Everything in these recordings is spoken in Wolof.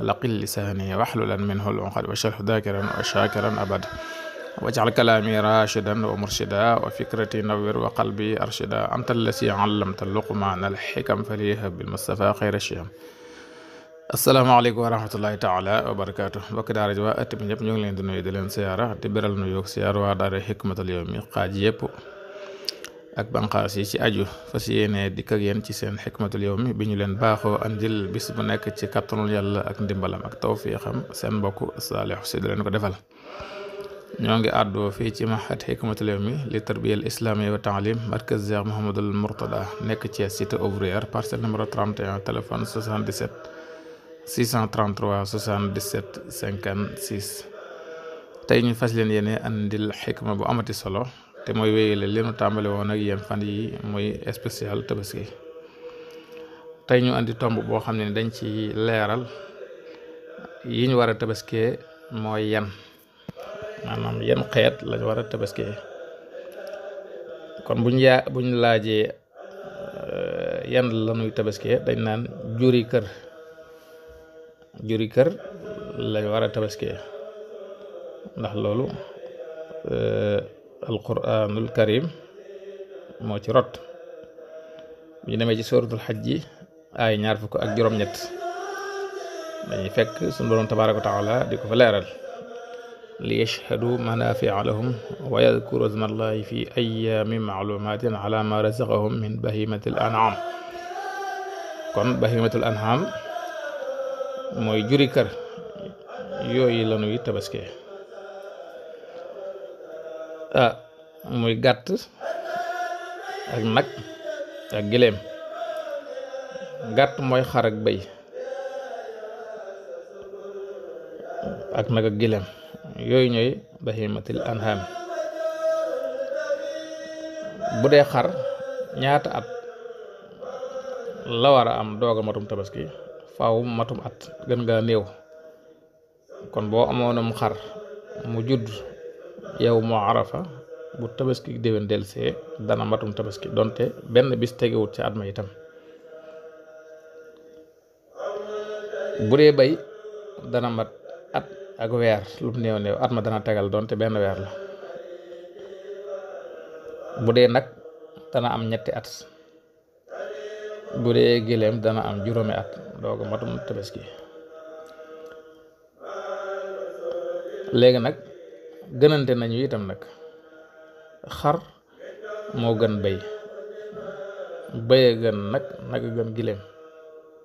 laqil lisaani waxlulan minhu lunqad wachalhu dakiran wa shakiran abad wajcal kalaami rashidan wa murshida wa fikrati nawir wa qalbi arshida anta allasi allamta luqmaana alxikam faliyahab bilmustafa xayra shiyam asalaamaaleykum wa rahmatullahi taala wa barakaatu mbokki daara ji waa ëtt bi ñëpp ñu ngi leen di nuyu di leen siyaara di beral nu yoog siyaar waa daara xikmatul yawmi xaaj yëpp ak banqaas yi ci aju fas yéene dikk ak yéen ci seen xikmatul yawmi bi ñu leen baaxoo andil bis bu nekk ci kattanul yàlla ak ndimbalam ak tawfiixam seen mbokk Saalihu Si di leen ko defal ñoo ngi àddoo fii ci ma mahad xikmatul yawmi li tarbiyal islamiya wa taalim markaz Cheikh Mouhamadul Mourtada nekk ci cité ouvrière parcelle numéro 31 téléphone 77 633 77 56 tey ñu fas leen yéene andil xikma bu amati solo te mooy wéyale li nu tàmbali woon ak yéen fan yi muy spécial tabaski tey ñu andi tomb boo xam ne dañ ci leeral yi ñu war a tabaskee mooy yan maanaam yan xeet lañ war a tabaskee kon buñ yaa buñ laajee euh, yan la ñuy tabaskee dañ naan juri kër juri kër lañ war a tabaskee ndax loolu. Euh, alquranul karim moo ci rot bu ñu demee ci suratul xaj ji ay ñaar fukk ak juróom-ñett dañuy fekk suñu borom tabaraka wa taala di ko fa leeral li yashhadu manafi'a lahum wa yadkuru ismallahi fi ayyamin ma'lumatin ala ma razaqahum min bahimatil an'am kon bahimatul an'am mooy juri kër yooyu la nuy ah muy gàtt ak nag ak gileem gàtt mooy xar ak bëy ak nag ak gileem yooyu ñooy bahimatil anham bu dee xar ñaata at la war a am doog matum tabaski faaw matum at gën ngaa néew kon boo amoonum xar mu judd yow mu arafa bu tabaski déwén delsee dana matum tabaski donte benn bis tegewut ci at ma itam bu dee bay dana mat at ak weer lu mu néew at ma dana tegal donte benn weer la bu dee nag dana am ñetti at bu dee gileem dana am juróomi at dooga matum tabaski léegi nag gënante nañu itam nag xar moo gën béy béy a gën nag nag a gën giléem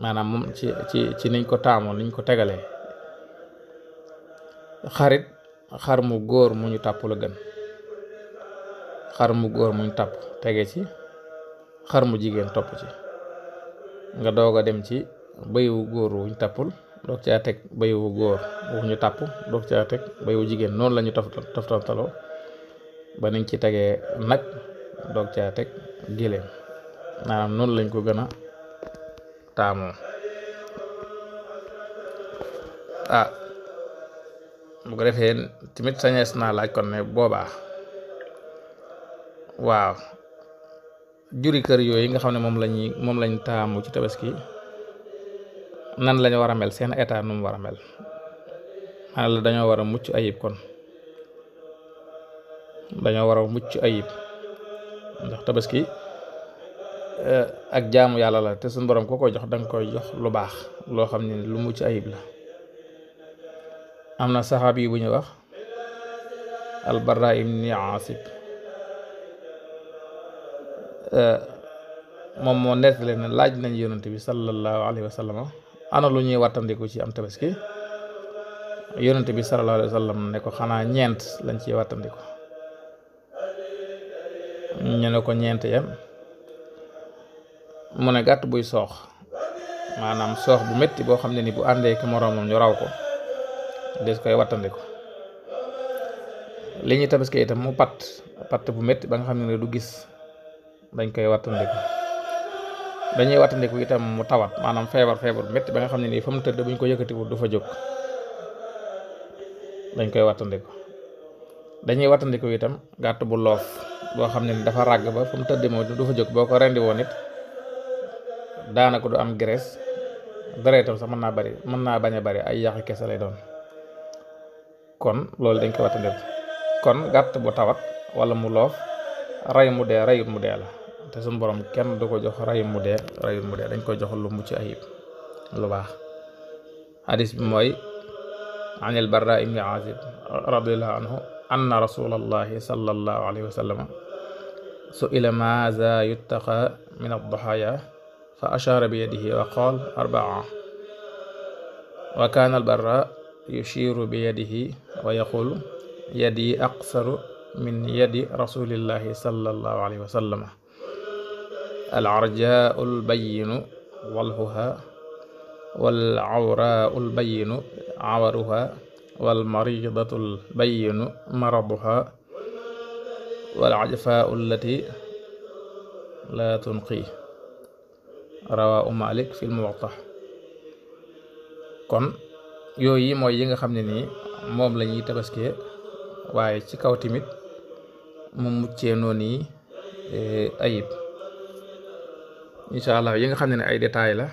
maanaam moom ci ci ci niñ ko taamoo niñ ko tegalee xarit xar mu góor mu ñu tàpp la gën xar mu góor mu ñu tàpp tege ci xar mu jigéen topp ci nga doog a dem ci béy wu góor wuñ tàppul doog caa teg bayu góor waxuñu tàpp doog caa teg bayu jigéen noonu la ñu taf taftaloo ba niñ ci tegee nag doog caa teg giléem maanaam noonu lañ ko gën a taamoo ah bu ko defee tamit sañees naa laaj kon ne boobaa waaw juri kër yooyu nga xam ne moom lañuy moom lañ taamu ci tabaski nan lañu war a mel seen état nu mu war la dañoo war a mucc ayib kon dañoo war a mucc ayib ndax tabaski eh, ak jaamu yàlla la te suñ borom ko koy jox danga koy jox lu baax loo xam ne lu mucc ayib la am na saxaab yi bu ñu wax albarra ibni asib eh, moom moo nettali ne laaj nañ yonante bi sallallahu alayhi wa sallam ana lu ñuy wattandiku ci am tabaski yonent bi sallallahu alayhi ne ko xanaa ñeent lañ ciy wattandiku ñu ne ko ñeent yam mu ne gàtt buy soox maanaam soox bu métti boo xam ne ni bu àndee ki moroomam ñu raw ko des koy wàttandiku li ñuy tabaski itam mu pat pat bu métti ba nga xam ne du gis dañ koy wattandiku dañuy wattandiku itam mu tawat maanaam feebar feebar metti ba nga xam ne nii fa mu tëdd buñ ko yëkkatiwul du fa jóg dañ koy wattandiku dañuy wattandiku itam gàtt bu loof boo xam ne ni dafa ràgg ba fa mu tëdd moom du fa jóg boo ko rendi woon it daanaka du am graisse dara itam sax mën naa bari mën naa bañ a bari ay yàqi kese lay doon kon loolu dañ koy wattandiku kon gàtt bu tawat walla mu loof rey mu dee reyut mu dee la te suñu borom kenn du ko jox rayu mu dee rayu mu dee dañ koy jox lu mucc ayib lu baax xadis bi mooy an il barra ibni azib radiallahu anhu anna rasulallahi sallallahu alayhi wa sallam suila maza yuttaqa min addoxaya fa ashara bi yadihi wa qaal arbaa wa kaana albarra yushiru bi yadihi wa yaqul yadi aqsaru min yadi rasulillahi sallallahu alayhi wa sallam alarjaa albayinu walhuha walawraa albayinu awaruha walmaridatu albayinu maraduha walajfaa allati laa tunqi rawaahu Maalik fi al-Muwatta kon yooyu mooy yi nga xam ne nii moom lañuy ñuy waaye ci kaw tamit mu muccee eh, ayib incha allah yi nga xam ne ne ay détails la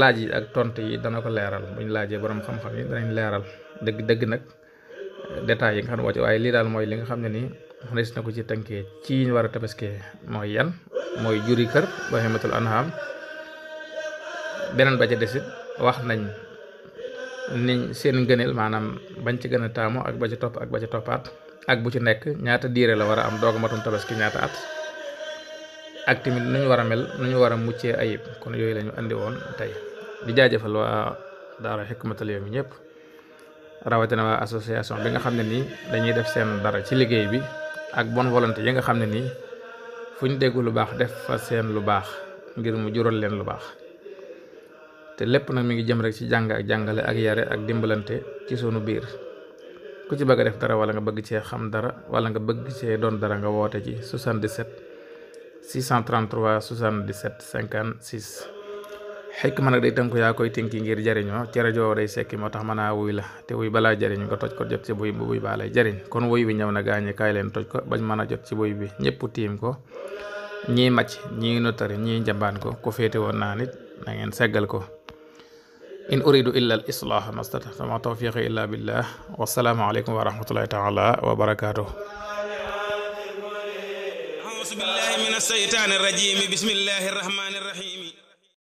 laaj yi ak tont yi dana ko leeral buñ laajee borom xam-xam yi danañ leeral dëgg dëgg nag détails yi nga xam ne wàcc waaye lii daal mooy li nga xam ne ni res na ko ci tënkee ci war a tabaskee mooy yan mooy juri kër bahimatul anham beneen ba ca wax nañ niñ seen ngëneel maanaam bañ ci gën a taamu ak ba ca topp ak ba ca toppaat ak bu ci nekk ñaata diire la war a am doog matum tabaski ñaata at ak tamit nañu war a mel nañu war a muccee ayib kon yooyu la ñu woon tey di jaajëfal waa daara Hikmatul Yawmi ñëpp rawatina waa association bi nga xam ne nii dañuy def seen dara ci liggéey bi ak bon volonté yi nga xam ne nii fu ñu dégg lu baax def fa seen lu baax ngir mu jural leen lu baax te lépp nag mu ngi jëm rek ci jàng ak jàngale ak yare ak dimbalante ci sunu biir ku ci bëgg a def dara wala nga bëgg cee xam dara wala nga bëgg cee doon dara nga woote ci 77. 633 77 56 xikma nag day tënku yaa koy tënki ngir jariñoo ci rajo day sekki moo tax mën naa wuy la te wuy balaa jariñ nga toj ko jot ci buy bu buy baa lay jariñ kon wuy bi ñëw na gaañi kaay leen toj ko bañ mën a jot ci buy bi ñëpp tiim ko ñii màcc ñii notari ñii njambaan ko ko féete woon naa nit na ngeen seggal ko in uridu illa al islah mastata sama tawfiqi illa billah wasalaamu aleykum wa rahmatullahi taala wa barakatuh auzu billahi min asseytaani rajiim bismillahi rahmaani rahiim